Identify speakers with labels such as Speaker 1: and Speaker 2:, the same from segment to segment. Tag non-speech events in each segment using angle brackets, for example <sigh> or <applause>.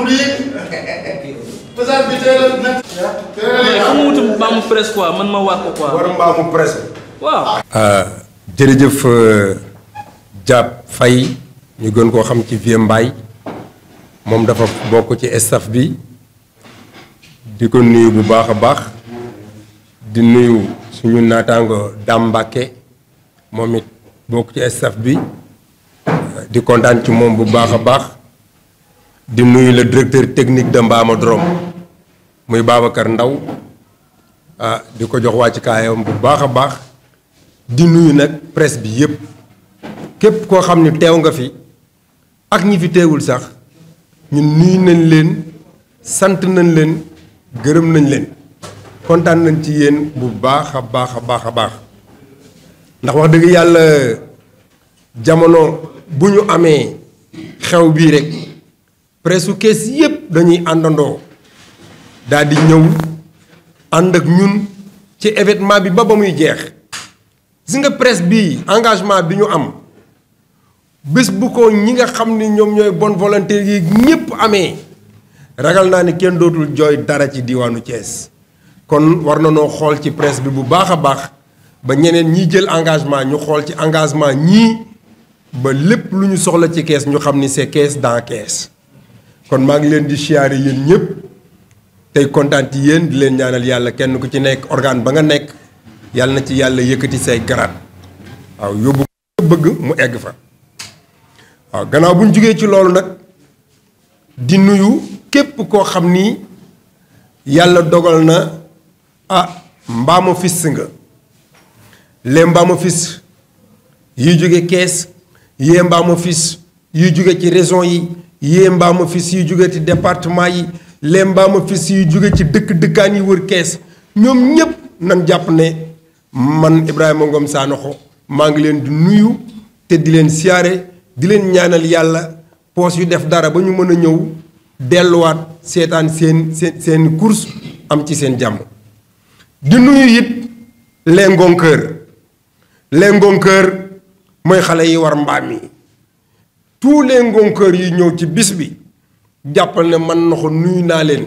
Speaker 1: public peut-être bi teel a un peu de temps. wuti mbaamu
Speaker 2: presse quoi man ma waat ko quoi. war mbaamu presse. di ko nuyu bu baax baax di nuyu suñu naataango Dame Mbacke moom it bokk ci staff bi di kontaan ci moom bu baax baax. di nuyu le directeur technique de doroom muy Babacar Ndaw ah di ko jox wàcc kaayam bu baax a baax di nuyu nag presse bi yépp képp koo xam ne teew nga fi ak ñi fi teewul sax ñun nuyu nañ leen sant nañ leen gërëm nañ leen kontaan nañ ci yéen bu baax a baax a baax a baax ndax wax dëgg yàlla jamono bu ñu amee xew bii rek. pressu kees yépp dañuy àndandoo daal di ñëw ànd ak ñun ci événement bi ba ba muy jeex si nga presse bi engagement bi ñu am bés bu ko ñi nga xam ni ñoom ñooy bonne volonté yi ñépp amee ragal naa ni kenn dootul jooy dara ci diwaanu Thiès kon war na noo xool ci presse bi bu baax a baax ba ñeneen ñi jël engagement ñu xool ci engagement ñii ba lépp lu ñu soxla ci kees ñu xam ni c'est kees dans kees kon maa ngi leen di siyaare yéen ñëpp tey kontaan ci yéen di leen ñaanal yàlla kenn ku ci nekk organe ba nga nekk yàlla na ci yàlla yëkkati say garaat waaw yóbbu bëgg mu egg fa waaw gannaaw bu ñu jugee ci loolu nag di nuyu képp koo xam ni yàlla dogal na ah mbaama fis nga lee mbaama fis yiy jóge kees yee mbaama fis yiy jóge ci raison yi yée mbaama fis yu jóge ci département yi lee mbaama fis yu jóge ci dëkk dëkkaan yi wër kees ñoom ñépp nan jàpp ne man Ibrahima Ngom Sanokho maa ngi leen di nuyu te di leen siyaare di leen ñaanal yàlla poos yu def dara ba ñu mën a ñëw delluwaat seetaan seen seen seen course am ci seen jàmm di nuyu yit les ngonkër les ngonkër mooy xale yi war mbaam yi tous les ngonkër yi ñëw ci bis bi jàppal ne man noxo nuyu naa leen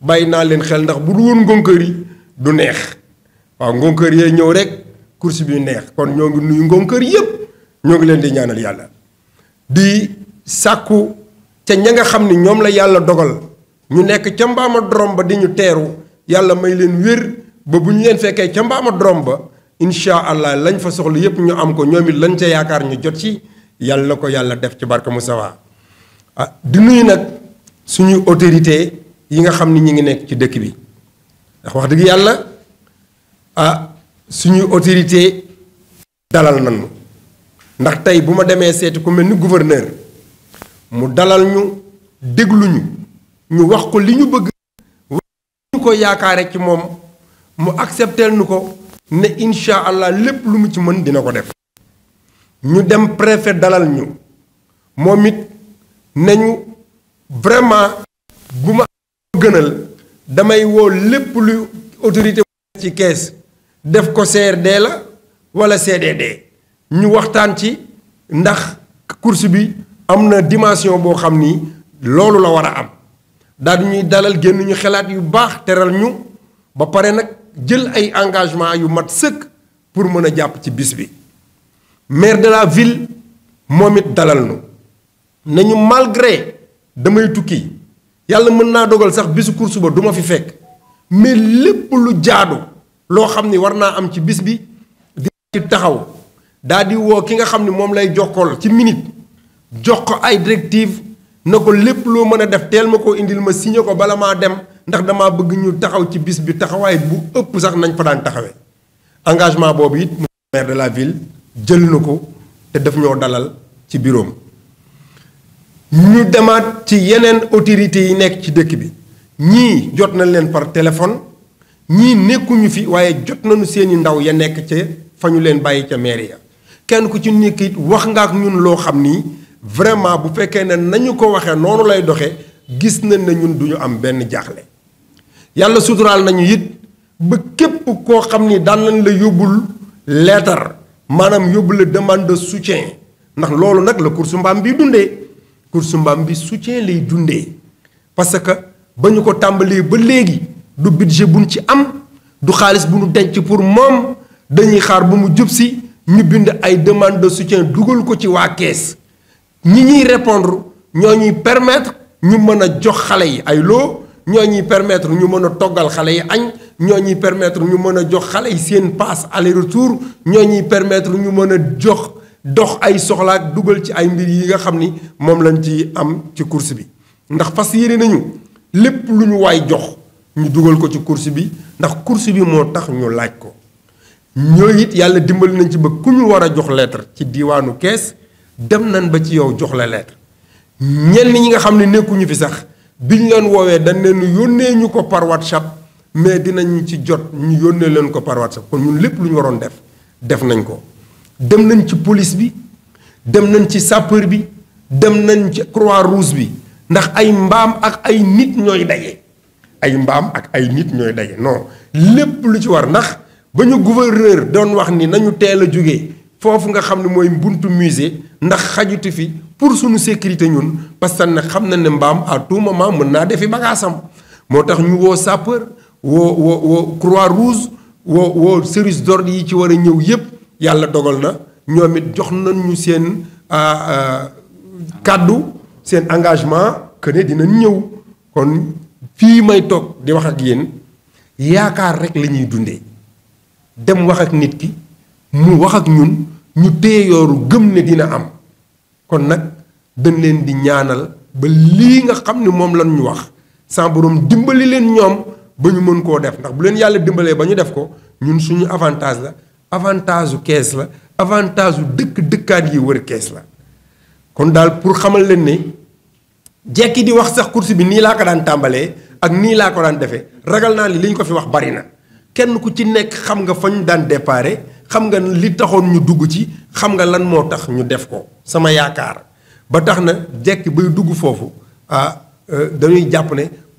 Speaker 2: bàyyi naa leen xel ndax bu du woon ngonkër yi du neex waaw ngonkër yee ñëw rek course bi neex kon ñoo ngi nuyu ngonkër yépp ñoo ngi leen di ñaanal yàlla di sàkku ca ña nga xam ni ñoom la yàlla dogal ñu nekk ca mbaama dorom ba di ñu teeru yàlla may leen wér ba bu ñu leen fekkee ca mbaama dorom ba incha allah lañ fa soxla yépp ñu am ko ñoom it lañ ca yaakaar ñu jot si yàlla na ko yàlla def ci barke Moustapha ah di nuyu nag suñu autorité yi nga xam ni ñu ngi nekk ci dëkk bi ndax wax dëgg yàlla ah suñu autorité dalal nañu ndax tey bu ma demee seeti ku mel ni gouverneur mu dalal ñu dégluñu ñu wax ko li ñu bëgg wax ñu ko yaakaare ci moom mu accepteel nu ko ne incha allah lépp lu mu ci mën dina ko def ñu dem préfet dalal ñu moom it nañu vraiment bu ma gënal damay woo lépp lu autorité ci kees def ko CRD la wala CDD ñu waxtaan ci ndax course bi am na dimension boo xam ni loolu la war a am daal ñuy dalal génn ñu xalaat yu baax teral ñu ba pare nag jël ay engagement yu mat sëkk pour mën a jàpp ci bis bi maire de la ville momit it dalal nu nañu malgré damay tukki yalla mën na dogal sax bisu course ba duma fi fek mais lepp lu jaadu lo xamni warna am ci bis bi di ci taxaw daa di ki nga xamni mom lay ci minute jox ko ay directive nako lepp lépp meuna def tel mako indil ma signé ko bala ma dem ndax dama bëgg ñu taxaw ci bis bi taxaway bu ëpp sax nañ fa daan engagement bobu it maire de la ville jël na ko te daf ñoo dalal ci biroom ñu demaat ci yeneen autorités yi nekk ci dëkk bi ñii jot na leen par téléphone ñii nekkuñu fi waaye jot nañu seeni ndaw ya nekk ca fa ñu leen bàyyi ca mairie ya kenn ku ci nekk it wax nga ak ñun loo xam ni vraiment bu fekkee ne nañu ko waxee noonu lay doxe gis na ne ñun duñu am benn jaaxle yàlla suturaal nañu it ba képp koo xam ni daal nañ la yóbbul leetar maanaam yóbbu la demande de soutien ndax loolu nag la course mbaam bi dundee course mbaam bi soutien lay dundee parce que ba ñu ko tàmbalee ba léegi du budget buñ ci am du xaalis bu ñu denc pour moom dañuy xaar bu mu jub si ñu bind ay demande de soutien dugal ko ci waa kees ñi ñuy répondre ñoo ñuy permettre ñu mën a jox xale yi ay loo ñoo ñuy permettre ñu mën a toggal xale yi añ ñoo ñuy permettre ñu mën a jox xale yi seen passe aller retour ñoo ñuy permettre ñu mën a jox dox ay soxlaak dugal ci ay mbir yi nga xam ni moom lañ ci am ci course bi ndax fas yéene nañu lépp lu ñu waay jox ñu dugal ko ci course bi ndax course bi moo tax ñu laaj ko ñooy it yàlla dimbali nañ ci ba ku ñu war a jox lettre ci diiwaanu kees dem nañ ba ci yow jox la lettre ñenn yi nga xam ne nekkuñu fi sax bi ñu leen woowee dañ leen yónnee ñu ko par WhatsApp mais dinañ ci jot ñu yónnee leen ko par kon ñun lépp lu ñu waroon def def nañ ko dem nañ ci police bi dem nañ ci sapeur bi dem nañ ci croix rouge bi ndax ay mbaam ak ay nit ñooy daje ay mbaam ak ay nit ñooy daje noo lépp lu ci war ndax ba ñu gouverneur doon wax ni nañu teel a jóge foofu nga xam ne mooy buntu musée ndax xajutu fi pour suñu sécurité ñun parce que nag xam na ne mbaam à tout moment mën naa defi bagaasam moo tax ñu woo sapeur woo woo woo croix rouge woo woo service d'ordre yi ci war a ñëw yépp yàlla dogal na ñoom it jox nañ ñu seen ah, ah, kàddu seen engagement que ne dinañ ñëw kon fii may toog di wax ak yéen yaakaar rek la ñuy dundee dem wax ak nit ki mu wax ak ñun ñu téye yooru gëm ne dina am kon nag dën leen di ñaanal ba lii nga xam ne moom lan ñu wax saa borom dimbali leen ñoom ba ñu mën koo def ndax bu leen yàlla dimbalee ba ñu def ko ñun suñu avantage la avantage u kees la avantage u dëkk dëkkaat yi wër kees la kon daal pour xamal leen ni jekki di wax sax course bi nii laa ko daan tàmbalee ak nii laa ko daan defee ragal naa ni li ñu ko fi wax bari na kenn ku ci nekk xam nga fañ daan déparé xam nga li taxoon ñu dugg ci xam nga lan moo tax ñu def ko sama yaakaar ba tax na jekki bay dugg foofu ah euh, dañuy jàpp ne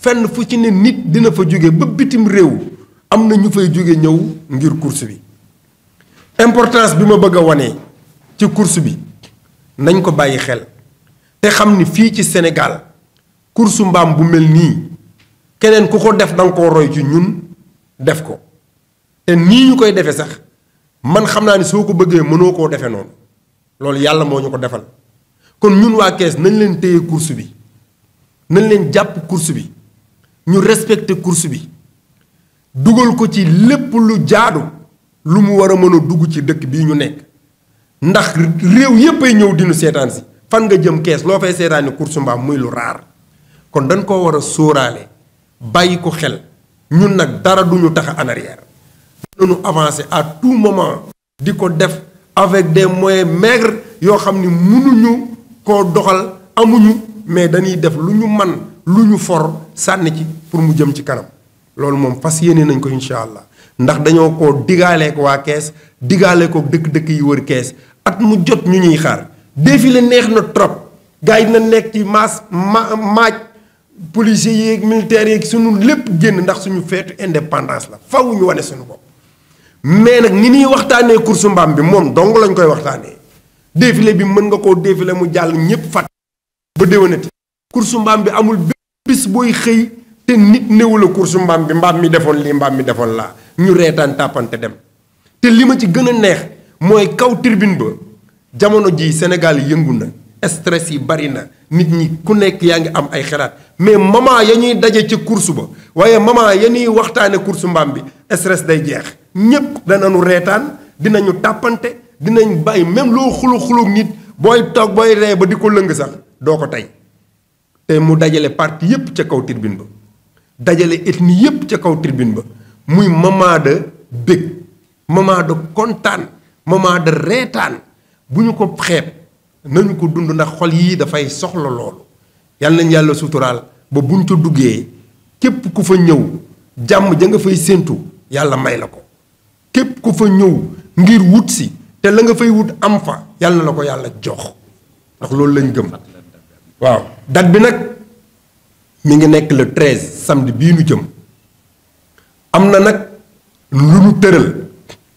Speaker 2: fenn fu ci ne nit dina fa jóge ba bitim réew am na ñu fay jóge ñëw ngir course bi importance bi ma bëgg a wane ci course bi nañ ko bàyyi xel te xam ni fii ci Sénégal course mbaam bu mel nii keneen ku ko def danga ko roy ci ñun def ko te nii ñu koy defe sax man xam naa ni soo ko bëggee mënoo koo defe noonu loolu yàlla moo ñu ko defal kon ñun waa Kees nañ leen téye course bi nañ leen jàpp course bi ñu respecté course bi dugal ko ci lépp lu jaadu lu mu war a mën a dugg ci dëkk bi ñu nekk ndax réew yépp ay ñëw dinu seetaan si fan nga jëm kees loo fay seetaani course mbaam muy lu raar kon dañ koo war a sóoraale bàyyi ko xel ñun nag dara duñu tax en arrière dañu avancer à tout moment di ko def avec des moyens maigres yoo xam ni mënuñu koo doxal amuñu mais dañuy def lu ñu man lu ñu for sànni ci pour mu jëm ci kanam loolu moom fas yéene nañ ko incha allah ndax dañoo ko digaalee ko waa kees digaalee ko dëkk-dëkk yi wër kees at mu jot ñu ñuy xaar défilé neex na trop gaay na nekk ci maas ma maaj yi ak militaire yi suñu lépp génn ndax suñu feetu indépendance la faw ñu wane suñu bopp mais nag ni ñuy waxtaanee course mbaam bi moom dong lañ koy waxtaanee défilé bi mën nga ko défilé mu jàll ñëpp fat ba déwénati course mbaam bi amul bis booy xëy te nit néew la course mbaam bi mbaam mi defoon lii mbaam mi defoon laa ñu reetaan tàppante dem te li ma ci gën a neex mooy kaw tirbine ba jamono ji Sénégal yëngu na stress yi bari na nit ñi ku nekk yaa ngi am ay xalaat mais moment ya ñuy daje ca course ba waaye moment ya ñuy waxtaane course mbaam bi stress day jeex ñépp danañu reetaan dinañu tàppante dinañ bàyyi même loo xuloo xuloog nit booy toog booy ree ba di ko lëng sax doo ko tey te mu dajale parti yépp ca kaw tirbine ba dajale ethnie yépp ca kaw tribune ba muy moment de bég moment de kontaan moment de reetaan bu ñu ko xeeb nañu ko dund ndax xol yii dafay soxla loolu yàlla nañ yàlla suturaal ba buñ ca duggee képp ku fa ñëw jàmm ja nga fay séentu yàlla may la ko képp ku fa ñëw ngir wut si te la nga fay wut am fa yàlla la ko yàlla jox ndax loolu lañ gëm waaw date bi nag mi ngi nekk le treize samd bii nu jëm am na nag lu nu tëral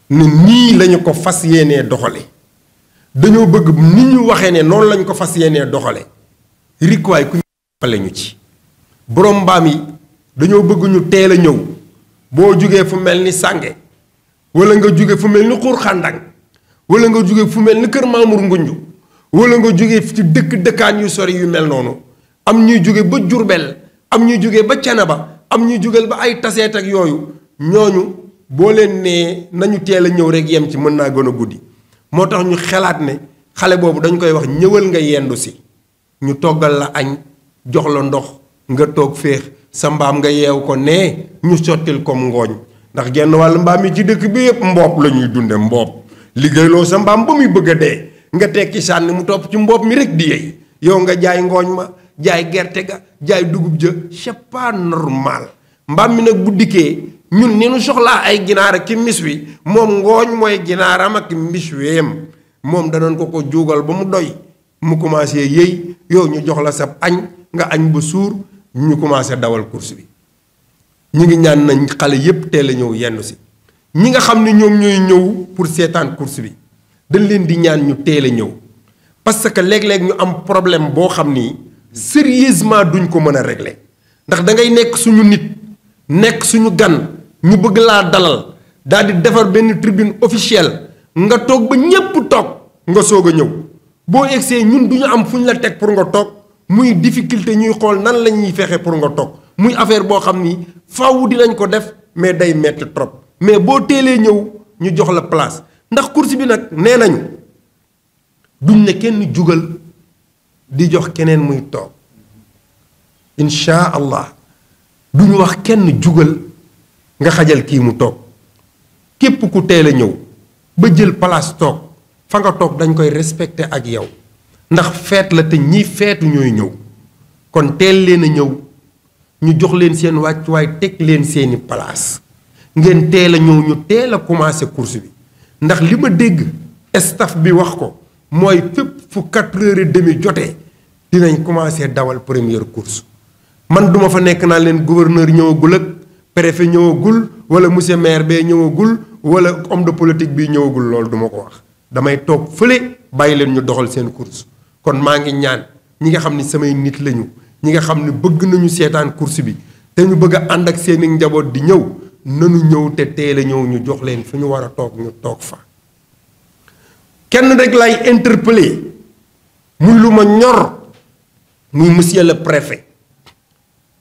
Speaker 2: ni nii lañu ko fas yéenee doxale dañoo bëgg ni ñu waxee ne noonu lañ ko fas yéenee doxale rikwaay ku ñu jàppale ñu ci borom mbaam yi dañoo bëgg ñu teel a ñëw boo jógee fu mel ni sànge walla nga jóge fu mel ni xuur xàndan wala nga jóge fu mel ni kër maamur ngunju wala nga jóge ci dëkk dëkkaan yu sori yu mel noonu am ñuy jóge ba Jurbel am ñuy jóge ba cana ba am ñuy jóge ba ay taseet ak yooyu ñooñu boo leen nee nañu teel a ñëw rek yem ci mën naa gën a guddi moo tax ñu xalaat ne xale boobu dañ koy wax ñëwal nga yendu si ñu toggal la añ jox la ndox nga toog féex sa mbaam nga yeew ko nee ñu sottil comme ngooñ ndax genn wàllu mbaam yi ci dëkk bi yëpp mboob la ñuy dunde mboob liggéeyloo sa mbaam ba muy bëgg a dee nga tekki sann mu top ci mbop mi rek di yey yow nga jaay ngooñ ma jaay gerté ga jaay dugub je c'est pas normal mbam mi nak bu dikkee ñun ni ñu soxla ay ginaara ki miswi mom moom moy ginaara mak miswiem mom da nañ mom ko ko jugal bu mu doy mu commencé yëy yow ñu jox la sab nga añ bu sour ñu commencé dawal course bi ñi ngi ñaan nañ xalé yépp teel a ñëw yenn ñi nga xamni ñom ñoy ñew pour sétane course bi dañ leen di ñaan ñu teel a ñëw parce que léeg-léeg ñu am problème boo xam ni sérieusement duñ ko mën a régler ndax dangay nekk suñu nit nekk suñu gan ñu bëgg laa dalal daal di defar benn tribune officielle nga toog ba ñépp toog nga soog a ñëw boo egsee ñun du ñu am fu ñu la teg pour nga toog muy difficulté ñuy xool nan la ñuy fexe pour nga toog muy affaire boo xam ni faaw dinañ ko def mais day metti trop mais boo teelee ñëw ñu jox la place ndax course bi nag nee nañu duñ ne kenn jugal di jox keneen muy toog inshaa allah duñu wax kenn jugal nga xajal kii mu toog képp ku teel a ñëw ba jël place toog fa nga toog dañ koy respecté ak yow ndax feet la te ñi feetu ñooy ñëw kon teel leen a ñëw ñu jox leen seen wàccuwaay teg leen seeni place ngeen teel a ñëw ñu teel a commencé course bi ndax li ma dégg staff bi wax ko mooy fépp fu quatre heures et demi jotee dinañ commencé dawal première course man duma fa nekk naa leen gouverneur ñëwagul ak préfet ñëwagul wala monsieur maire bee ñëwagul wala homme de politique bi ñëwagul loolu duma ko wax damay toog fële bàyyi leen ñu doxal seen course kon maa ngi ñaan ñi nga xam ni samay nit lañu ñi nga xam ni bëgg nañu seetaan course bi te ñu bëgg a ànd ak seeni njaboot di ñëw nanu ñëw te teel a ñëw ñu jox leen fu ñu war a toog ñu toog fa kenn rek lay interpeller muy lu ma ñor muy monsieur le préfet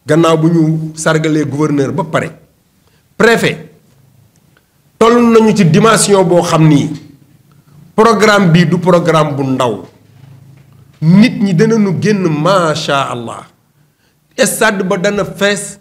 Speaker 2: gannaaw bu ñu sargalee gouverneur ba pare préfet toll nañu ci dimension boo xam ni programme bii du programme bu ndaw nit ñi danañu génn macha allah stade ba dana fees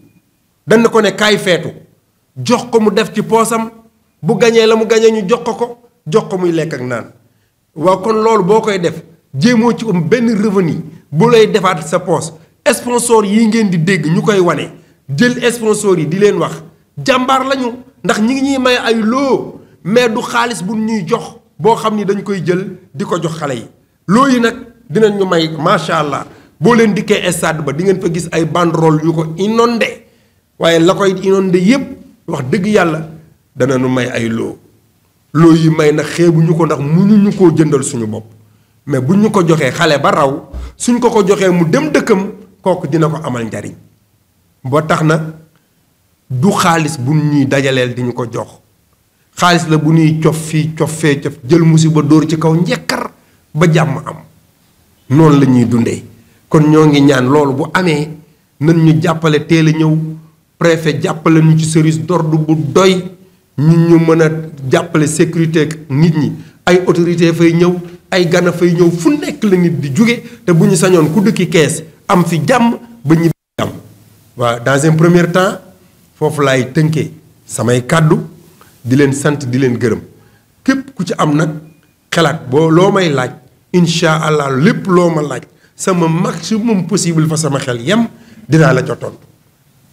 Speaker 2: dañ ko ne kaay feetu jox ko mu def ci poosam bu gañee la mu gañee ñu jox ko ko jox ko muy lekk ak naan waaw kon loolu boo koy def jéemoo ci um benn revenu boo lay defaat sa poos sponsor yi ngeen di dégg ñu koy wane jël sponsor yi di leen wax jàmbaar lañu ndax ñi ngi ñuy may ay loo mais du xaalis bu ñuy jox boo xam ni dañ koy jël di ko jox xale yi loo yi nag dinañ ñu may macha allah boo leen dikkee stade ba di ngeen fa gis ay banderole yu ko inondé waaye la koy de yépp wax dëgg yàlla dana nu may ay loo loo yi may nag xeebuñu ko ndax mënuñu ko jëndal suñu bopp mais buñ ñu ko joxee xale ba raw suñ ko ko joxee mu dem dëkkam kooku dina ko amal njariñ boo tax na du xaalis bu ñuy dajaleel di ñu ko jox xaalis la bu ñuy cof fii cof fee cof jël musiba dóor ci kaw njekkar ba jàmm am noonu la ñuy dundee kon ñoo ngi ñaan loolu bu amee nan ñu jàppale teel a ñëw préfet jàppale ñu ci service dord bu doy ñu ñu mën a jàppale sécurité nit ñi ay autorité fay ñëw ay gana fay ñëw fu nekk la di jóge te bu ñu sañoon ku dëkki kees am fi jàmm ba ñibbi jàmm waa dans un premier temps foofu laay tënkee samay kàddu di leen sant di leen gërëm képp ku ci am nag xalaat boo loo may laaj incha allah lépp loo ma laaj sama maximum possible fa sama xel yem dinaa la ca tontu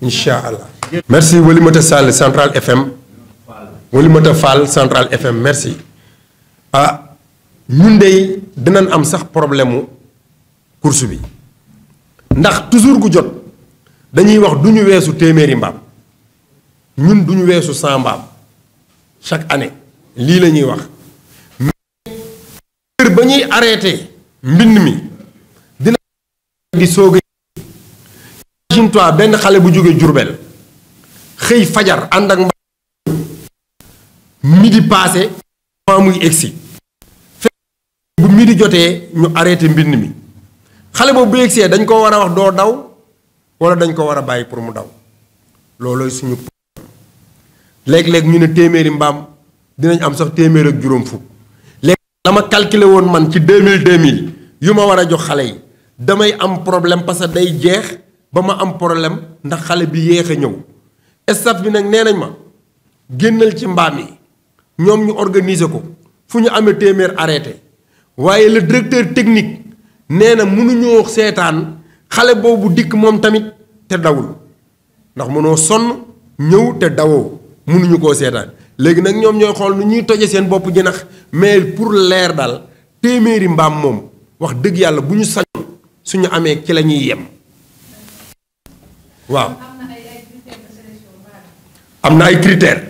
Speaker 2: incha merci Walimata Sal, Central FM. Walimata Fall Central FM merci. ah ñun de dinañ am sax problème course bi ndax toujours gu jot dañuy wax duñu ñu téméri mbam ñun duñu ñu 100 mbam chaque année li lañuy wax. mais ba ñuy arrêté mbind mi dina di soog imagine benn xale bu jógee Jurbel xëy fajar ànd ak mba midi passé maa muy egsi bu midi jotee ñu arrêté mbind mi xale boobu bu egsee dañ ko war a wax doo daw wala dañ ko war a bàyyi pour mu daw loolooy suñu léeg-léeg ñu ne téeméeri mbaam dinañ am sax téeméer ak juróom fukk léegi la ma woon man ci deux mille deux mille yu ma war a jox xale yi damay am problème parce que day jeex ba ma am problème ndax xale bi yéex a ñëw staff bi nag nee nañ ma génnal ci mbaam yi ñoom ñu organiser ko fu ñu amee téeméer arrêté waaye la directeur technique nee na mënuñoo seetaan xale boobu dikk moom tamit te dawul ndax mënoo sonn ñëw te dawoo mënuñu koo seetaan léegi nag ñoom ñooy xool nu ñuy toje seen bopp jinax mais pour leer daal téeméeri mbaam moom wax dëgg yàlla bu ñu su ñu amee ci la ñuy yem. waaw am na ay critères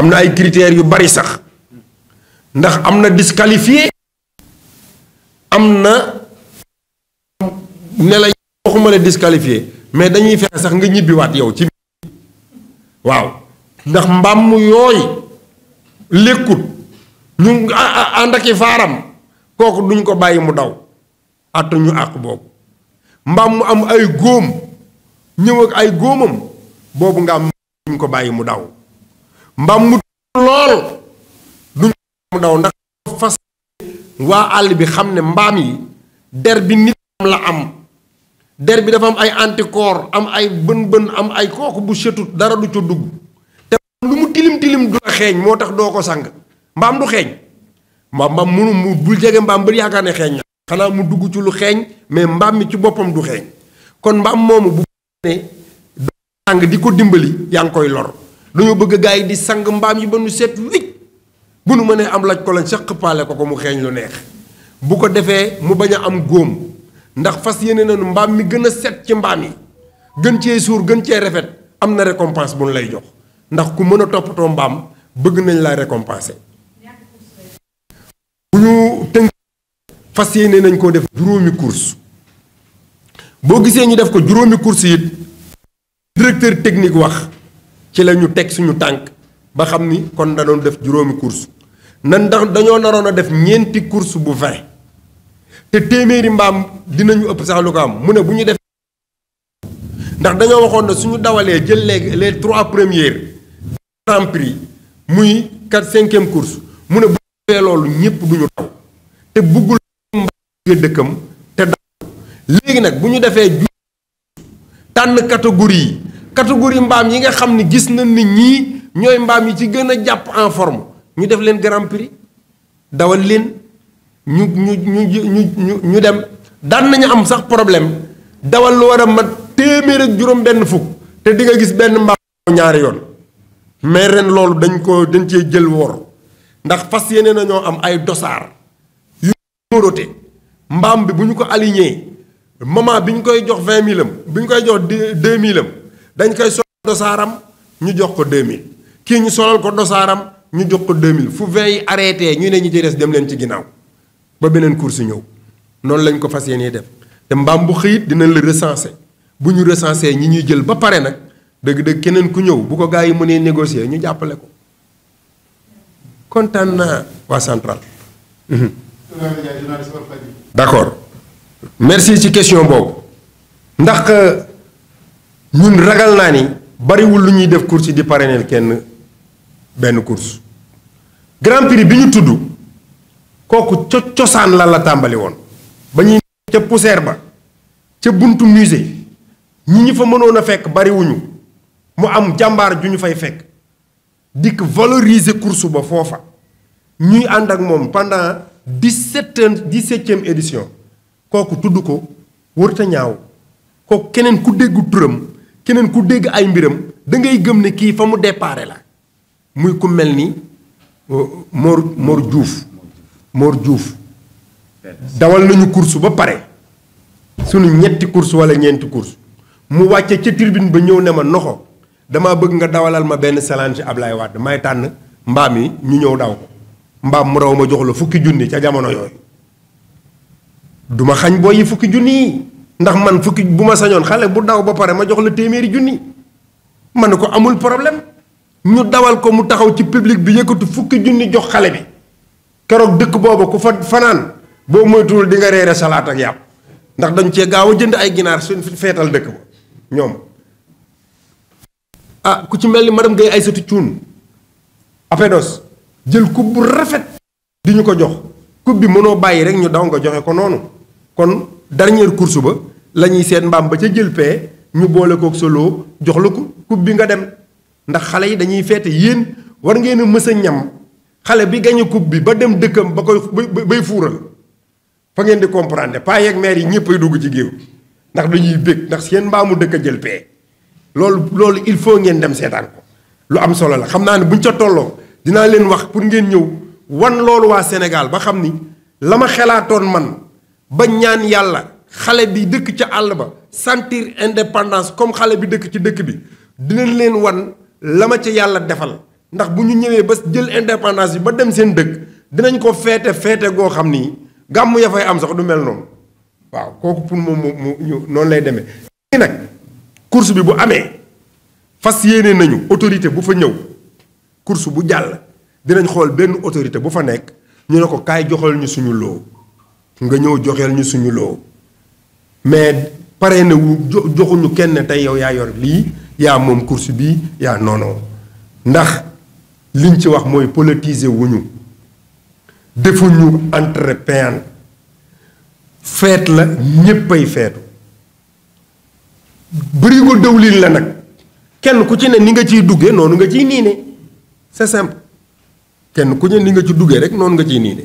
Speaker 2: am na ay critères yu bari sax ndax am na disqualifié am na ne la waxuma la disqualifié mais dañuy fexe sax nga ñibbiwaat yow ci waaw ndax mbaam mu yooy lékkut ñu ànd ak i faaram kooku duñ ko bàyyi mu daw àttu ñu àq boobu mu am ay góom ñew ak ay gomam bobu nga duñ ko bayyi mu daw mbam mu lol duñ mu daw ndax fas wa all bi xamne mbam yi der bi nit la am der bi dafa am ay anticorps am ay bën bën am ay koku bu setut dara du ci dugg te lu mu tilim tilim du la motax do ko sang mbam du xeeñ mbam mbam munu mu bu jege mbam bu yaaka ne xeeñ xala mu dugg ci lu xeeñ mais mbam mi ci bopam du xeeñ kon mbam momu ne sang di ko dimbali yaa ngi koy lor dañoo bëgg gay yi di sang mbaam yi ba nu seet wicc bu nu mënee am laj ko lañ sax xëppaale ko ko mu xeeñ lu neex bu ko defee mu bañ a am góom ndax fas yéene nañu mbaam mi gën a set ci mbaam yi gën cee suur gën cee rafet am na récompense bu nu lay jox ndax ku mën a toppatoo mbaam bëgg nañ la récompenser ñu tënk fas yéene nañ koo def juróomi course boo gisee ñu def ko juróomi course it directeur technique wax ci la ñu teg suñu tànk ba xam ni kon da def juróomi course nan ndax dañoo naroon a def ñeenti course bu vingt te téeméeri mbaam dinañu ëpp sax ko am mu ne bu ñu def ndax dañoo waxoon na suñu dawalee jël les les trois premières grand muy quatre cinquième course mu ne bu defee loolu ñëpp duñu daw te buggul mbaam dëkkam léegi nag bu ñu defee ju tànn yi catégorie mbaam yi nga xam ni gis na nit ñi ñooy mbaam yi ci gën a jàpp en forme ñu def leen grand prix dawal leen ñu ñu ñu ñu ñu dem daan nañu am sax problème dawal lu war a mat téeméer ak juróom benn fukk te di nga gis benn mbaam ñaari yoon mais ren loolu dañ ko dañ cee jël wor ndax fas yéene nañoo am ay dosaar yu numéroté mbaam bi bu ñu ko aligné moment bi ñu koy jox vingt mille bi ñu koy jox deux mille am dañ koy solal dosaaram ñu jox ko deux mille kii ñu solal ko dosaaram ñu jox ko deux mille fu vingt yi arrêté ñu ne ñu ci des dem leen ci ginnaaw ba beneen course ñëw noonu lañ ko fas yéenee def te mbaam bu xëyit dinañ la recenser bu ñu recenser ñi ñuy jël ba pare nag dëgg-dëgg keneen ku ñëw bu ko gaa yi mënee négocier ñu jàppale ko kontaan naa waa central. Mhm. d' accord. merci ci question boobu ndax euh, ñun ragal naa ni bariwul lu ñuy def course di parrainer kenn benn course grand prix bi ñu tudd kooku co cosaan la la tàmbali woon ba ñuy ca poussière ba ca buntu musée ñi ñu fa mënoon a fekk bariwuñu mu am jàmbaar ju ñu fay fekk dikk valoriser course ba foofa ñuy ànd ak moom pendant dix-sept dix-septième édition kooku tudd ko wërta ñaaw kooku keneen ku dégg turam keneen ku dégg ay mbiram dangay gëm ne kii fa mu déparé la muy ku mel ni euh, Mor moor juuf moor juuf dawal nañu course ba pare suñu ñetti course wala ñeenti course mu wàcce ca tribune ba ñëw ne ma noxo dama bëgg nga dawalal ma benn salange Ablaye Wade may tànn mbaam yi ñu ñëw daw ko mbaam mu raw ma jox la fukki junni ca jamono yooyu duma xañ booy yi fukki junni yi ndax man fukki bu ma sañoon xale bu daw ba pare ma jox la téeméeri junni ma ne ko amul problème ñu dawal ko mu taxaw ci public bi yëkkatu fukki junni jox xale bi keroog dëkk boobu ku fa fanaan boo moytuwul di nga reere salaat ak yàpp ndax dañu cee gaaw a jënd ay ginaar suñ feetal dëkk ba ñoom ah ku ci mel ni ma dem madame ay Aïssatou Thioune APEDOS jël coupe bu rafet di ñu ko jox coupe bi mënoo bàyyi rek ñu daw nga joxe ko noonu kon dernière course ba la ñuy seet mbaam ba ca jël pee ñu boole kook solo jox la ko coupe bi nga dem ndax xale yi dañuy feete yéen war ngeen a ñam xale bi gañ a bi ba dem dëkkam ba koy bay fuural fa ngeen di comprendre paa yeeg maire yi ñëpp ay dugg ci géew ndax dañuy bég ndax seen mbaamu dëkk a jël loolu loolu il faut ngeen dem seetaan ko lu am solo la xam naa ne buñ ca tolloo dinaa leen wax pour ngeen ñëw wan loolu waa Sénégal ba xam ni la ma xelaatoon man ba ñaan yàlla xale bi dëkk ca àll ba sentir indépendance comme xale bi dëkk ci dëkk bi dinañ leen wan la ma ci yàlla defal ndax bu ñu ñëwee ba jël indépendance bi ba dem seen dëkk dinañ ko feete feete goo xam ni gàmm ya fay am sax du mel noonu waaw kooku pour moom mu ñu noonu lay demee. léegi nag course bi bu amee fas yéene nañu autorité bu fa ñëw course bu jàll dinañ xool benn autorité bu fa nekk ñu ne ko kaay joxal ñu suñu loo. nga ñëw joxeel ñu suñu loo mais pare na wu joxuñu kenn tey yow yaa yor lii yaa moom course bii yaa noonoo ndax liñ ci wax mooy politiser wuñu defuñu entrepreneur feet la ñéppay feetu bërigo dëwlin la nag kenn ku ci ne ni nga ciy duggee noonu nga ci niine c'est simple kenn ku ne ni nga ci duggee rek noonu nga ci niine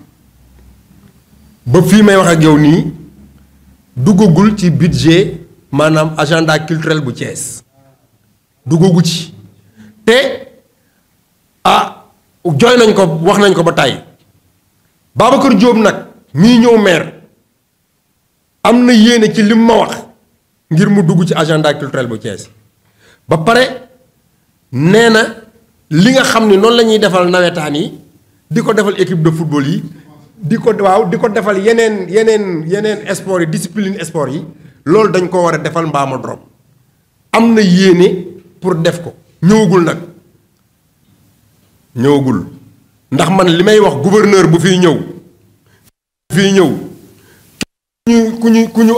Speaker 2: ba fii may wax ak yow nii duggagul ci budget maanaam agenda culturel bu Thiès duggagu ci te ah jooy nañ ko wax nañ ko ba tàyyi Babacar Diop nag mii ñëw maire am na yéene ci lim ma wax ngir mu dugg ci agenda culturel bu Thiès ba pare nee na li nga xam ni noonu la ñuy defal nawetaan yi di ko defal équipe de football yi di ko waaw di ko defal yeneen yeneen yeneen sport yi discipline sport yi loolu dañ ko war a defal mbaama drop am na yéene pour def ko ñëwagul nag ñëwagul ndax man li may wax gouverneur bu fiy ñëw fiy ñëw ku ñu ku ñu ku ñu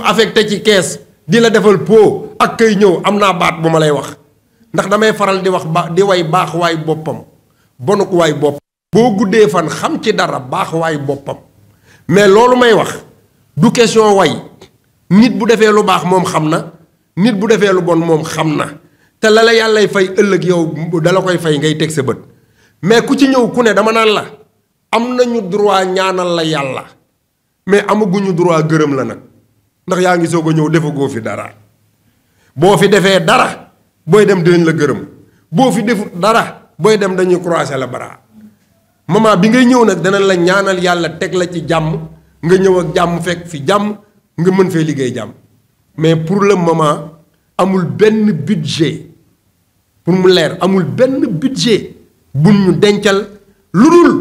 Speaker 2: ci kees di la defal po ak kay ñëw am naa baat bu ma lay wax ndax damay faral di wax ba di way baax waay boppam bonuk waay bopp boo guddee fan xam ci dara baax waay boppam mais loolu may wax du question way nit bu defee lu baax moom xam na nit bu defee lu bon moom xam na te la la yàllay fay ëllëg yow dala koy fay ngay teg sa bët mais ku ci ñëw ku ne dama naan la am nañu droit ñaanal la yàlla mais amaguñu droit gërëm la nag ndax yaa ngi soog a ñëw defagoo fi dara boo fi defee dara booy dem dinañ la gërëm boo fi defut dara booy dem dañuy croiser la bara moment bi ngay ñëw nag dana la ñaanal yàlla teg la ci jàmm nga ñëw ak jàmm fekk fi jàmm nga mën fee liggéey jàmm mais pour le moment amul benn budget pour mu leer amul benn budget bu ñu dencal lu dul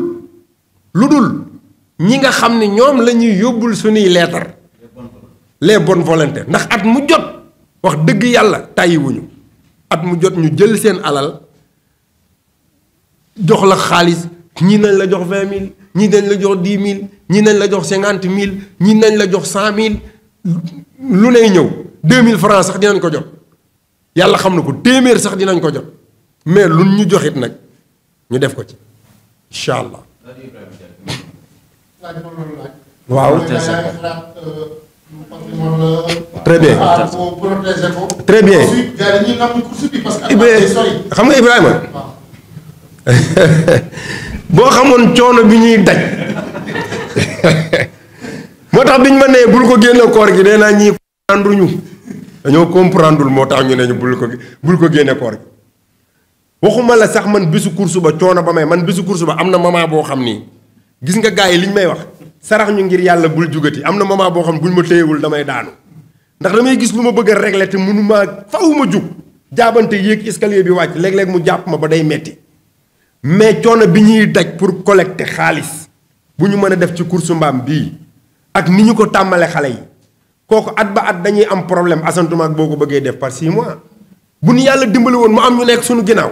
Speaker 2: lu dul ñi nga xam ni ñoom la ñuy yóbbul suñuy leetar les bonnes volontés ndax at mu jot wax dëgg yàlla tàyyiwuñu at mu jot ñu jël seen alal jox la xaalis ni nañ la jox ni mille la jox 000, mille la jox 50 mille ni la jox lu francs sax dinañ ko xam na ko sax mais lu ñu joxit nag ñu def
Speaker 1: très bien très bien
Speaker 2: <laughs> boo xamoon coono bi ñuy daj moo tax bi ñu ma nee bul ko génne koor gi nee naa ñii comprendre ñu dañoo comprendre moo tax ñu ne ñu bul ko bul ko génne koor gi waxuma la sax man bisu course ba coono ba may man bisu course ba am na moment boo xam nii gis nga gars yi ñu may wax sarax ñu ngir yàlla bul jugati am na moment boo xam ne ñu ma téyewul damay daanu ndax damay gis lu ma bëgg a régler te mënumaa faw ma jug jaabante yéeg escalier bi wàcc léeg-léeg mu jàpp ma ba day metti mais coono bi ñuy daj pour collecte xaalis bu ñu mën a def ci course mbaam bii ak ni ñu ko tàmmale xale yi kooku at ba at dañuy am problème asantumaak boo ko bëggee def par six mois bu ñu yàlla dimbali woon mu am ñu nekk suñu ginnaaw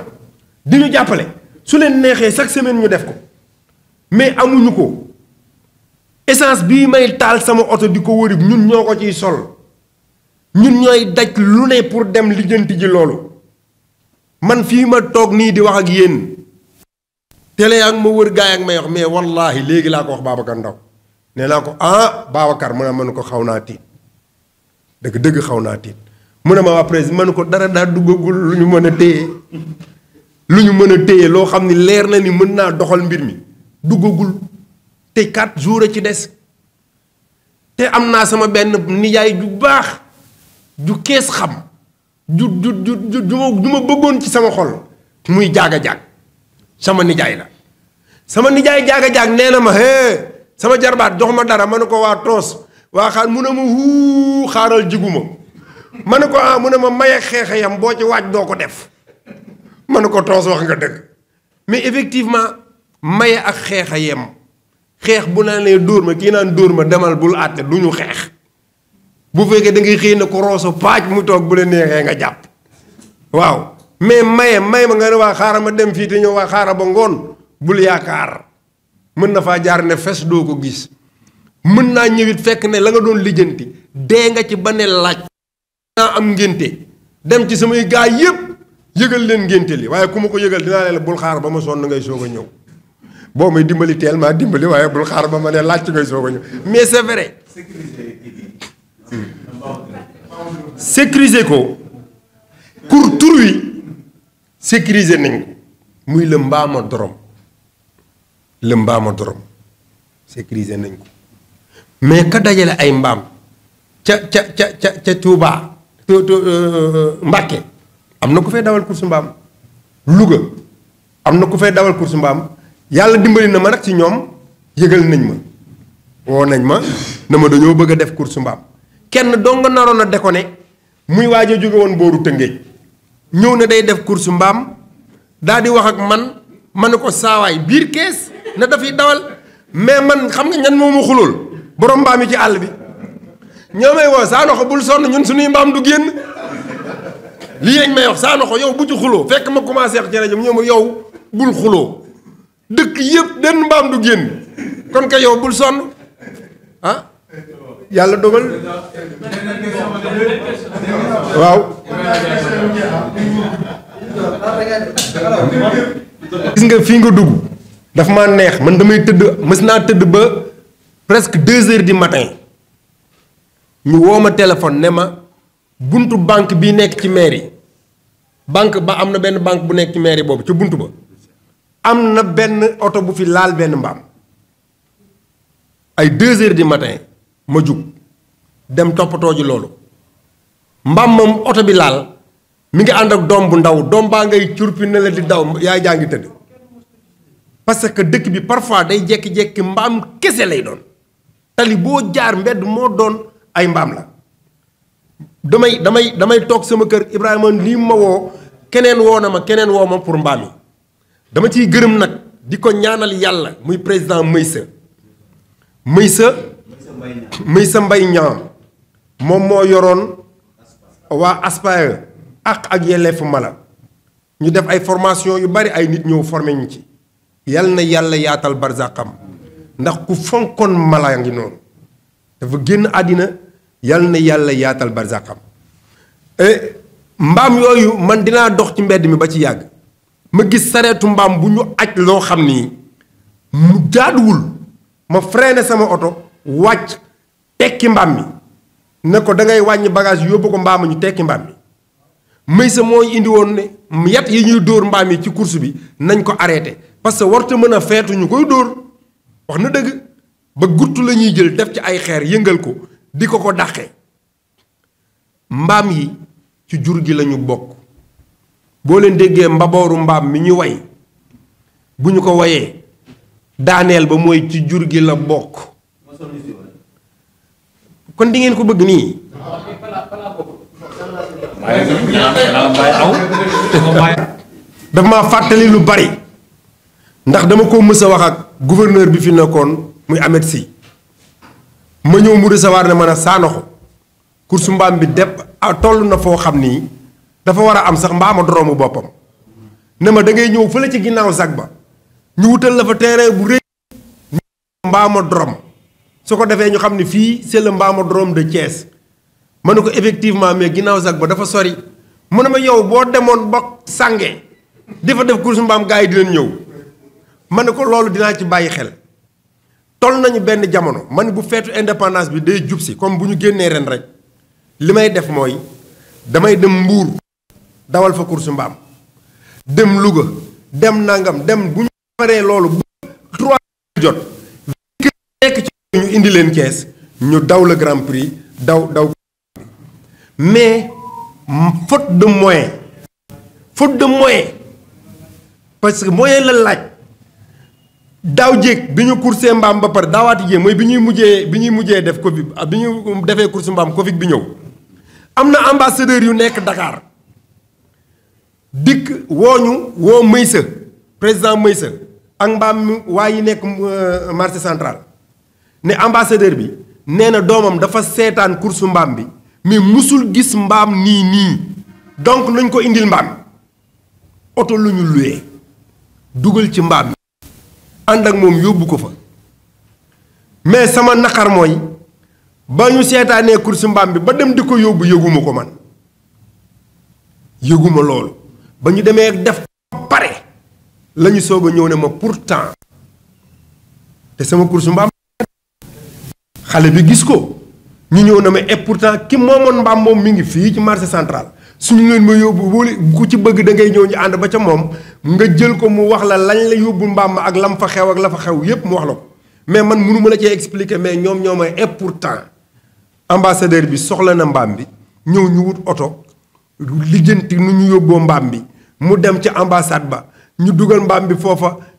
Speaker 2: di ñu jàppale su leen neexee chaque semaine ñu def ko mais amuñu ko essance bii may taal sama oto di ko wërib ñun ñoo ko ciy sol ñun ñooy daj lu ne pour dem lijjant ji loolu man fii ma toog nii di wax ak yéen télé yaa ngi ma wër gaa yaa ngi may wax mais wallaahi léegi laa ko wax Babacar Ndaw nee naa ko ah Babacar mu ne ma ne ko xaw naa tiit dëgg dëgg xaw naa tiit mu ne ma après président ko dara daa duggagul lu ñu mën a téye lu ñu mën a téye loo xam ni leer na ni mën naa doxal mbir mi duggagul te quatre jours a ci des te am naa sama benn nijaay ju baax ju kees xam ju ju ju ju ma bëggoon ci sama xol muy jaaga jaag sama nijaay la sama nijaay jaaga jaag nee na ma hee sama jarbaat jox ma dara ma ne ko waa toos waa xaar mu ne ma wuu xaaral jiguma ma ne ko ah mu ne ma may ak xeexa yam boo ci waaj doo ko def man ne ko toos wax nga dëgg mais effectivement maye ak xeexa yem xeex bu naan lee dóor ma kii naan dóor ma demal bul àtte du ñu xeex bu fekkee da ngay xëy na ko rooso paaj mu toog bu la neexee nga jàpp waaw mais maye may ma nga ne waa xaaral ma dem fii te ñëw waa xaaral ba ngoon bul yaakaar mën na faa jaar ne fes doo ko gis mën naa ñëwit fekk ne la nga doon lijjanti dee nga ci ba ne laaj naa am ngénte dem ci samay gaa yépp yëgal leen ngénte li waaye ku ma ko yëgal dinaa bul xaar ba ma sonn ngay soog a ñëw boo muy dimbali teel maa dimbali waaye bul xaar ba ma ne laaj ngay soog a ñëw mais c'est vrai sécuriser ko pour tur wi sécuriser nañ ko muy le mbaama dorom le mbaama dorom sécuriser nañ ko mais ka dajale ay mbaam ca ca ca ca ca Touba euh, euh, Mbàkke am na ku fay dawal course mbaam Louga am na ku fay dawal course mbaam yàlla dimbali na ma nag ci ñoom yëgal nañ ma woo nañ ma na ma dañoo bëgg a def course mbaam kenn doo nga naroon a déconné muy waaj a jóge woon booru ngéej ñëw na day def course mbaam daal di wax ak man ma ne ko saawaay biir kees na dafay dawal mais man xam nga ñan moo ma xulul borom mbaam yi ci àll bi ñoo may woo saa loxo bul sonn ñun suñuy mbaam du génn li may wax saa yow bu ci xuloo fekk ma commencé wax jëm ñoo yow bul xuloo dëkk yëpp den mbaam du génn kon ka yow bul sonn ah. yàlla dogal waaw gis nga fii nga dugg dafa ma neex man damay tëdd mës naa tëdd ba presque deux heures di matin ñu woo ma téléphone ne ma buntu banque bi nekk ci mairie banque ba am na benn banque bu nekk ci mairie boobu ca buntu ba am na benn oto bu fi laal benn mbaam ay deux heures du matin ma jug dem toppatoo ji loolu otobilal, moom oto bi laal mi ngi ànd ak doom bu ndaw doom baa ngay curpi ne la di daw yaay jaa ngi tëdd parce que dëkk bi parfois day jekki-jekki mbaam kese lay doon tali boo jaar mbedd moo doon ay mbaam la damay damay damay toog sama kër Ibrahima lii ma woo keneen woo na ma keneen woo ma pour mbaam yi dama ciy gërëm nag di ñaanal yàlla muy président Meysse Meysse Meyssa Mbaye Niang moom moo yoroon waa ASPAE ak ak yelleefu mala ñu def ay formation yu bari ay nit ñëw formé ci yal na yàlla yaatal barzaqam ndax ku fonkoon mala ngi noonu dafa génn àddina yal na yàlla yaatal barzaqam e, mbaam yooyu man dinaa dox ci mbedd mi ba ci yàgg ma gis sareetu mbaam bu ñu aj loo xam nii mu jaaduwul ma freiné sama oto wàcc tekki mbaam mi ne ko da ngay wàññi bagage yóbbu ko mbaam ñu tekki mbaam mi may sa mooy indi woon ne yat yi ñuy dóor mbaam yi ci course bi nañ ko arrêté parce que warta mën a feetu ñu koy dóor wax na dëgg ba gutt lañuy jël def ci ay xeer yëngal ko di ko ko dàqee mbaam yi ci jur gi lañu bokk boo leen déggee mbabooru mbaam mi ñuy way bu ñu ko wayee daaneel ba mooy ci jur gi la bokk kon di ngeen ko bëgg nii. daf ma fàttali lu bari ndax dama ko mës a wax ak gouverneur bi fi nekkoon muy amet si ma ñëw mu recevoir ne man a saanoxo kursu mbaam bi depp toll na foo xam nii dafa war a am sax mbaama doroomu boppam ne ma dangay ñëw fële ci ginnaaw sag ba ñu wutal la fa terrain bu rëy mbaama dorom su ko defee ñu xam ne fii c'est le doroom de Thiès ma ne ko effectivement mais ginnaaw sax ba dafa sori mu ne ma yow boo demoon ba sànge di fa def course mbaam gars yi dinañ ñëw ma ne ko loolu dinaa ci bàyyi xel toll nañu benn jamono ma ne bu feetu indépendance bi day jub si comme bu ñu génnee ren rek li may def mooy damay dem mbuur dawal fa course mbaam dem Louga dem nangam dem bu ñu paree loolu trois jot indi leen kees ñu daw le grand prix daw daw mais faute de moyen faute de moyen parce que moyen la laaj daaw jéeg bi ñu coursé mbaam ba pare daawaati jéeg mooy bi ñuy mujjee bi ñuy mujjee def Covid ah, bi ñu defee course mbaam Covid bi ñëw am na ambassadeur yu nekk Dakar dikk wooñu woo Maysa président Maysa ak mbaam waa yi nekk euh, marché central ne ambassadeur bi nee na doomam dafa seetaan course mbaam bi mi mësul gis mbaam nii nii donc nañ ko indil mbaam oto lu ñu luwee dugal ci mbaam bi ànd ak moom yóbbu ko fa mais sama naqar mooy ba ñu seetaanee course mbaam bi ba dem di ko yóbbu yëguma ko man yëguma loolu ba ñu demee def pare la ñu soog a ñëw ne ma temps te sama course mbaam xale bi gis ko ñu ñëw na ma et pourtant ki moomoon mbaam moom mi ngi fii ci marché central suñu leen ma yóbbu boole ku ci bëgg dangay ñëw ñu ànd ba ca moom nga jël ko mu wax la lañ la yóbbu mbaam ma ak mu fa xew ak la fa xew yépp mu wax la ko mais man mënu la cee expliquer mais ñoom ñoo ma et pourtant ambassadeur bi soxla na mbaam bi ñëw ñu wut oto lijjanti nu ñu yóbboo mbaam bi mu dem ci ambassade ba ñu dugal mbaam bi foofa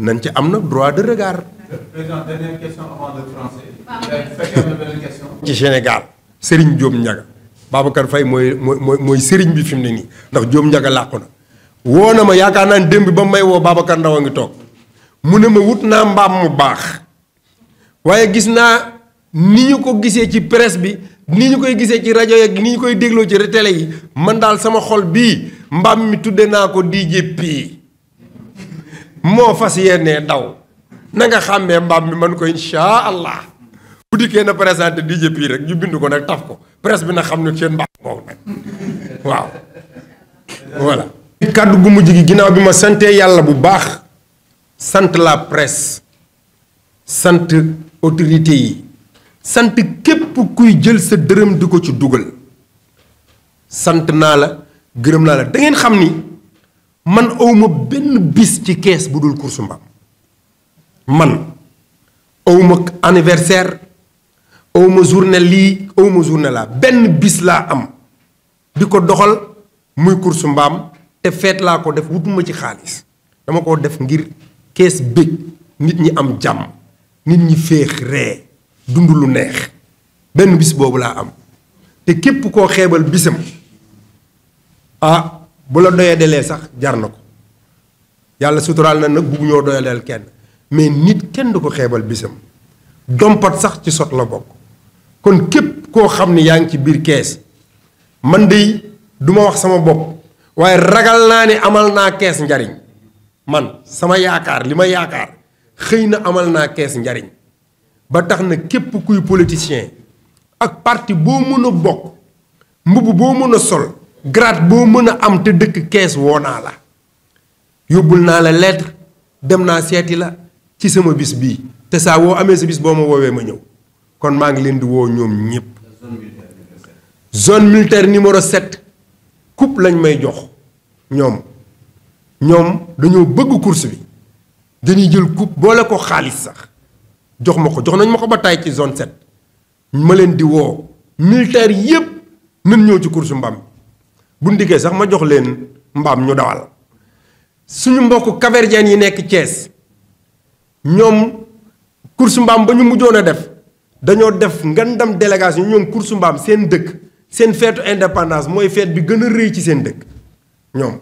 Speaker 2: nañ ci am nag droit de regard.
Speaker 3: question avant le français.
Speaker 2: ci Sénégal Serigne Diom Ndiaga Babacar Faye mooy mooy mooy Serigne bi fi mu ne nii ndax Diom Ndiaga làqu na woo na ma yaakaar naa démb ba may woo Babacar Ndaw a ngi mu ne ma wut naa mbaam mu baax waaye gis naa ni ñu ko gisee ci presse bi ni ñu koy gisee ci rajo yeeg ni ñu koy dégloo ci télé yi man daal sama xol bii mbaam mi tudde naa ko DJ mo fas yéenee daw na nga xamé mbam mi man ko insha allah bu diké na présenter DJ Pi rek ñu bind ko nak taf ko presse bi na xam seen mbam boobu nag waaw voilà kaddu gu mujj gi ginaaw bi ma santee bu baax sante la presse sante autorité yi sante kep kuy jël sa dërëm diko ci duggal sante na la gërëm naa la da ngeen xamni man awma benn bis ci kees bu dul course mbaam man awma anniversaire awma journée lii awma journée laa benn bis laa am di ko doxal muy course mbaam te feet laa ko def wutuma ci xaalis dama ko def ngir kees bëgg nit ñi am jàmm nit ñi féex ree dund lu neex benn bis boobu laa am te képp koo xeebal bisam ah, bu la doyadelee sax jar na ko yàlla suturaal na nag bugg ñoo doyadeel kenn mais nit kenn du ko xeebal bisam dompat sax ci sot la bokk kon képp koo xam ni yaa ngi ci biir kees man de duma wax sama bopp waaye ragal naa ne amal naa kees njariñ man sama yaakaar li ma yaakaar xëy na amal naa kees njariñ ba tax na képp kuy politicien ak parti boo mën a bokk mbubb boo mën a sol grade boo mën a am te dëkk kees woo naa la yóbbul naa la lettre dem naa seeti la ci sama bis bii te saa woo amee sa bis boo ma woowee ma ñëw kon maa ngi leen di woo ñoom ñëpp. zone militaire numéro 7 coupe lañ may jox ñoom ñoom dañoo bëgg course bi dañuy jël coupe boole ko xaalis sax jox ma ko jox nañ ma ko ba tàyyi ci zone 7 ma leen di woo militaire yëpp nañ ñëw ci course mbam. bu ndikkee sax ma jox leen mbaam ñu dawal suñu mbokk caverdien yi nekk cees ñoom course mbaam ba ñu mujjoon a def dañoo def ngandam délégation ñoom course mbaam seen dëkk seen feetu indépendance mooy feet bi gën a rëy ci seen dëkk ñoom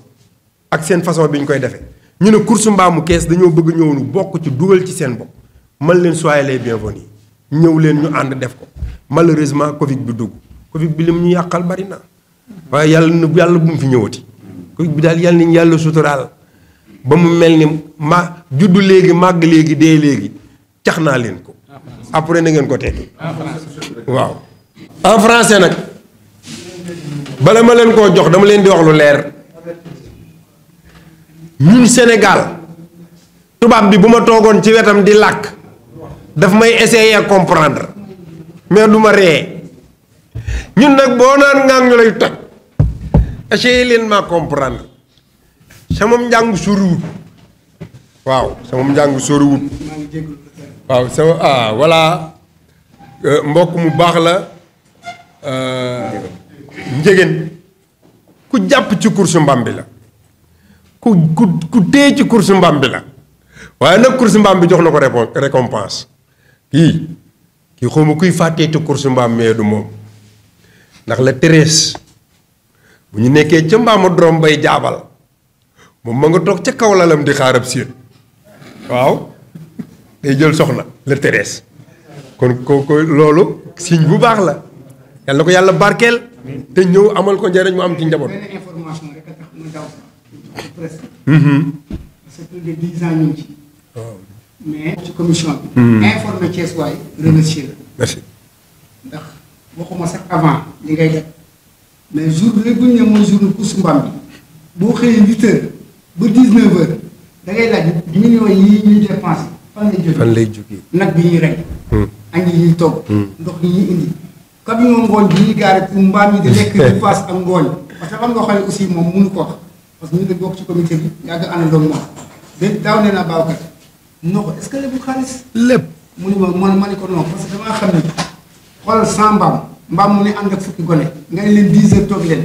Speaker 2: ak seen façon bi ñu koy defee ñu ne course mbaamu kees dañoo bëgg ñëwnu bokk ci dugal ci seen bopp man leen soyez les bienvenus ñëw leen ñu ànd def ko malheureusement Covid bi dugg Covid bi li mu ñu yàqal na waaye yalla nu yalla bu mu fi ñëwati kuy bi dal yalla ni yalla sutural ba mu melni ma juddu legi mag legi de legi taxna len ko après na ngeen ko tek waaw en français nak bala ma len ko jox dama len di wax lu leer ñun Sénégal tubab bi buma togon ci wétam di lak daf may essayer comprendre mais duma ré ñun nak bo naan ngaa ñu lay toj essayé leen maa comprendre sama njàng soriwut waaw sama njàng soriwut waaw sama ah voilà mbokk mu baax la euh, njëgeen ku jàpp ci course mbam bi la ku ku ku téye ci course mbam bi la waaye nag course mbaam bi jox na ko récompense kii kii xawma kuy fàttee ci course mbaam mais du moom ndax la Thérèse bu ñu nekkee ca mbaama dorom bay jaabal moom ma nga toog ca kaw lalam di xaarab séet waaw day jël soxna la Thérèse kon ko ko loolu signe bu baax la yàlla ko yàlla barkeel te ñëw amal ko njëriñ mu am ci njaboot. information rek a
Speaker 1: tax mhm. mhm. ma mais journée bu ñu ne mooy journée course mbaam bi boo xëyee huit ba dix neuf heures da ngay laaj millions yi ñuy dépensé fan lay jógee fan lay jógee nag bi ñuy rey. Hmm. añ ngi ñuy togg. Hmm. ndox yi ñuy indi. camion ngooñ bi ñuy gaare pour mbaam yi di lekk <laughs> que xam nga xam ne aussi moom mënu ko wax que ñu ngi bokk yàgg àndandoo moom lépp daaw nee naa baawkat noo ko est ce que lépp xaalis. lépp mu ne ma man ma ko non parce que damaa xam ne xoolal mbaam. mbaam mu ne ànd ak fukki gone nga leen 10 heures leen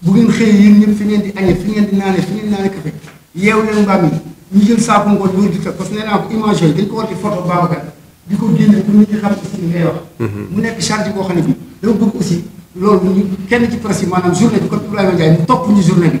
Speaker 1: bu ngeen xëyee yi ñëpp fi ngeen di añee fi ngeen di naanee fi ngeen di naanee café yeew leen mbaam yi ñu jël saako ngoon bu di teg parce que nee naa ko image yooyu dañ ko war ci photo Babacar di ko génne pour nit ñi xam aussi ngay wax. Mhm. mu nekk charge boo xam ne bi dama bëgg aussi loolu kenn ci presse yi maanaam journée bi comme Ibrahima Ndiaye mu topp ñu journée bi.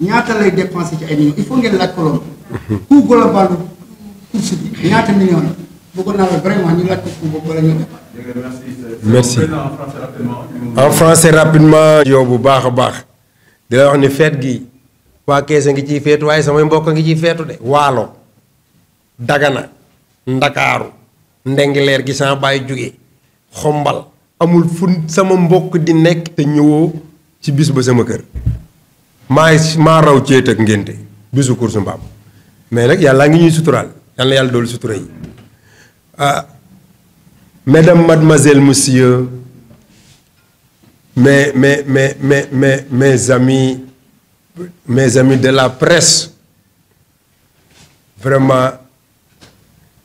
Speaker 1: ñaata lay dépenser ci ay million il faut ngeen laaj ko loolu. coût global course bi ñaata million la bëggoon naa la vraiment ñu laaj ko coût boobu la ñu merci
Speaker 2: en français rapidement. yow bu baax a baax di la wax ni fête gi waa kees ngi ciy feetu waaye samay mbokk ngi ciy feetu de. waalo dagana ndakaaru leer gi sama bàyyi jóge xombal amul fu sama mbokk di nekk te ñëwoo ci bis ba sama kër. mais il y ngi ñuy ah, mesdames mademoiselles messieurs mes mes mes mes mes amis mes amis de la presse vraiment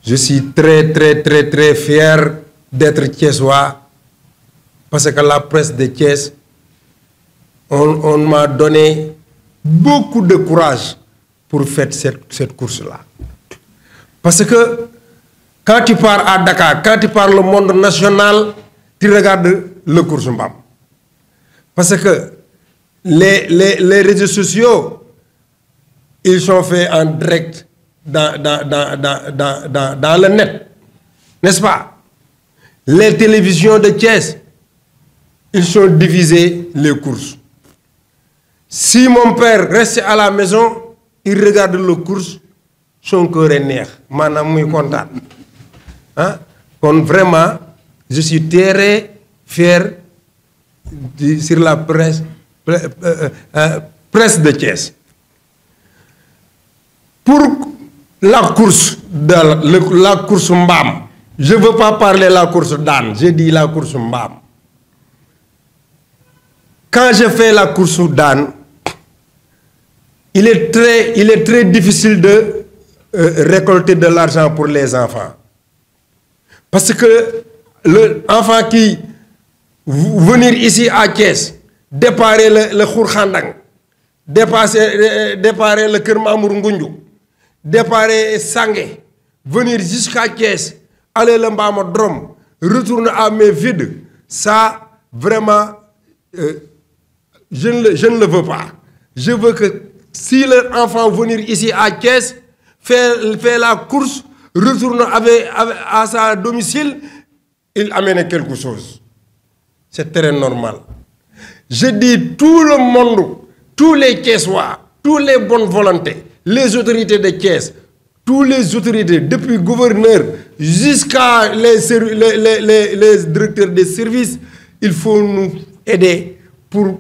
Speaker 2: je suis très très très très fier d'être thiessois parce que la presse de Thiès on on m'a donné beaucoup de courage pour faire cette, course-là. Parce que quand tu pars à Dakar, quand tu pars le monde national, tu regardes le course Mbam. Parce que les, les, réseaux sociaux, ils sont faits en direct dans, le net. N'est-ce pas Les télévisions de Thiès, ils sont divisés les courses. Si mon père reste à la maison, il regarde le course, son cœur est nerf. je content. vraiment, je suis très fier sur la presse, euh, euh, presse de Thiès. Pour la course, de la, course Mbam, je ne veux pas parler de la course Dan, je dis la course Mbam quand je fais la course d'âne, il est très, il est très difficile de euh, récolter de l'argent pour les enfants. Parce que l'enfant qui
Speaker 1: venir
Speaker 2: ici à Kies, déparer le, le Khourkhandang, euh, euh, déparer, le Kermamour déparer Sangé, venir jusqu'à Kies, aller le Mbamodrom, retourner à mes vides, ça, vraiment, je ne, le, veux pas. Je veux que si leur enfant venir ici à caisse, faire, faire la course, retourner avec, à sa domicile, il amène quelque chose. C'est très normal. Je dis tout le monde, tous les Thiessois, tous les bonnes volontés, les autorités de Caisses, tous les autorités, depuis gouverneur jusqu'à les, les, les, directeurs des services, il faut nous aider pour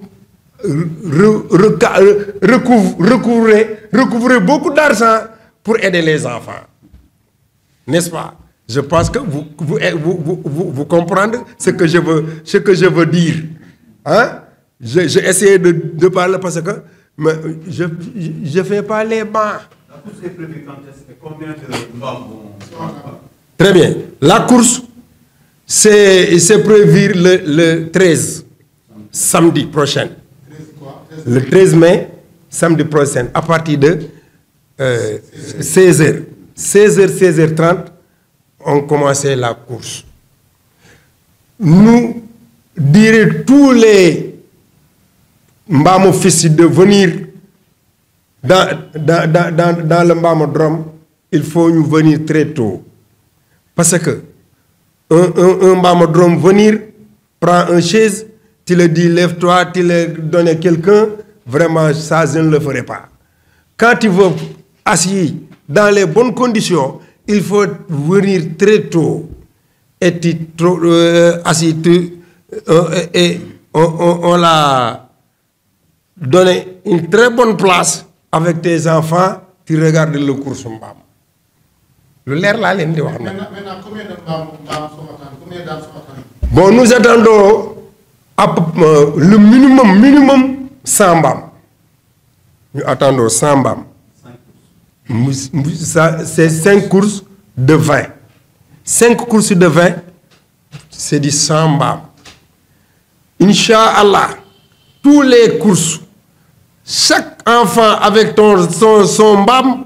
Speaker 2: recouvrer, beaucoup d'argent pour aider les enfants. N'est-ce pas Je pense que vous, vous, vous, comprenez ce que je veux, ce que je veux dire. Hein? J'ai essayé de, parler parce que mais je ne fais pas les bancs.
Speaker 3: La course est prévue
Speaker 2: Très bien. La course, c'est prévu le 13, samedi prochain le 13 mai, samedi prochain, à partir de 16h. 16h, 16h30, on commençait la course.
Speaker 3: Nous
Speaker 2: dire tous les de venir dans, dans, dans, dans le il faut nous venir très tôt. Parce que un, un, un venir prend une chaise, tu le dis lève-toi, tu le donnes à quelqu'un, vraiment ça, je ne le ferai pas. Quand tu veux assis dans les bonnes conditions, il faut venir très tôt et tu euh, euh, euh, et on, l'a donné une très bonne place avec tes enfants, tu regardes le cours Maintenant, Bon, nous attendons euh, le minimum, minimum 100 BAM. Nous attendons 100 BAM. C'est 5 courses de 20. 5 courses de 20, c'est 100 BAM. Inch'Allah, tous les courses, chaque enfant avec ton, son, son BAM,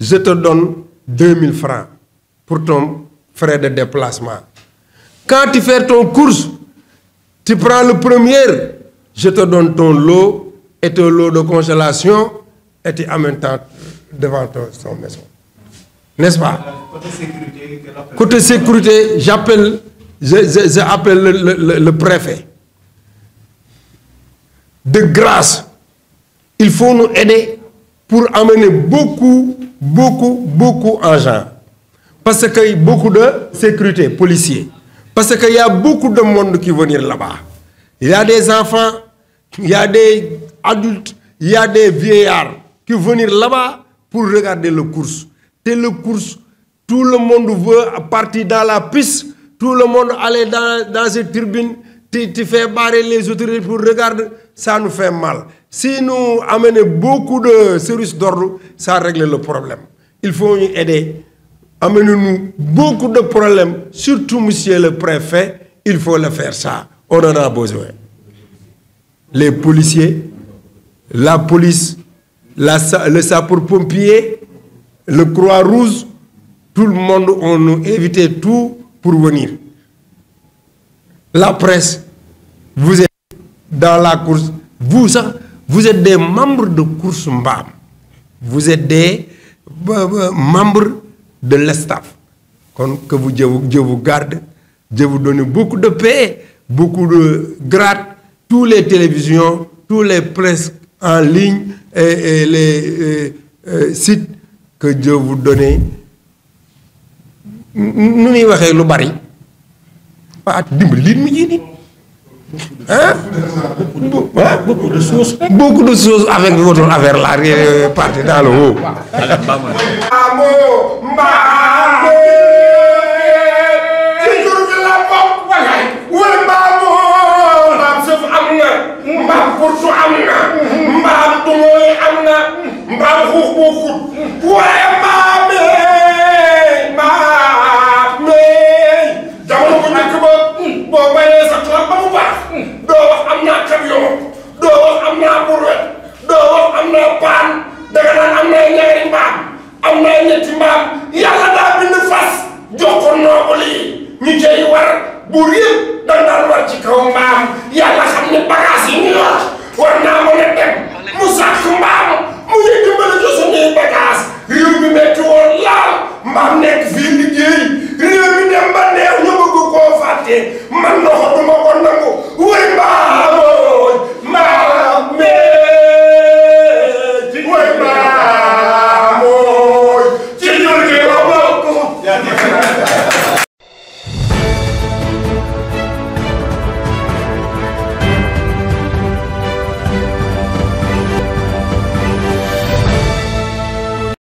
Speaker 2: je te donne 2000 francs pour ton frais de déplacement. Quand tu fais ton course, tu prends le premier, je te donne ton lot et ton lot de congélation, et tu amènes devant ton, maison. N'est-ce pas Côté sécurité, j'appelle le, le, préfet. De grâce, il faut nous aider pour amener beaucoup, beaucoup, beaucoup d'argent. Parce qu'il y a beaucoup de sécurité policiers. Parce qu'il y a beaucoup de monde qui venir là-bas. Il y a des enfants, il y a des adultes, il y a des vieillards qui venir là-bas pour regarder le course. C'est le course, tout le monde veut partir dans la piste, tout le monde aller dans, dans turbine. tu, fais barrer les autorités pour regarder, ça nous fait mal. Si nous amenons beaucoup de services d'ordre, ça règle le problème. Il faut nous aider amène-nous beaucoup de problèmes, surtout monsieur le préfet, il faut le faire ça. On en a besoin. Les policiers, la police, la, le sapeur-pompier, le Croix-Rouge, tout le monde, on nous évité tout pour venir. La presse, vous êtes dans la course, vous, vous êtes des membres de course MBAM. Vous êtes des euh, euh, membres de l'Estaf. Que vous, Dieu, vous, garde, Dieu vous donne beaucoup de paix, beaucoup de grâce, tous les télévisions, tous les presques en ligne et, les euh, sites que Dieu vous donne. Nous, nous, nous, nous, nous, ah beaucoup de choses beaucoup de choses avec votre affaire là parti dans le haut.
Speaker 3: waaye maame maame boo bayee sa tool ba mu baax doo wax am naa camion doo wax am naa brouette doo wax am naa paan danga naan am naa ñaari mbaam am naa ñetti mbaam yàlla daa bind fas jox ko noobul yi ñu war buur yëpp da daan war ci kaw mbaam yàlla xam ne bagage yi ñu yor war naa mën a dem mu sàkk mbaam mu yëkk mën a jox suñuy bagage réew mi metti woon laal mbaam nekk fii liggéey réew mi dem ba neew ñu bëgg koo fàtte man loxo ma ko nangu wuy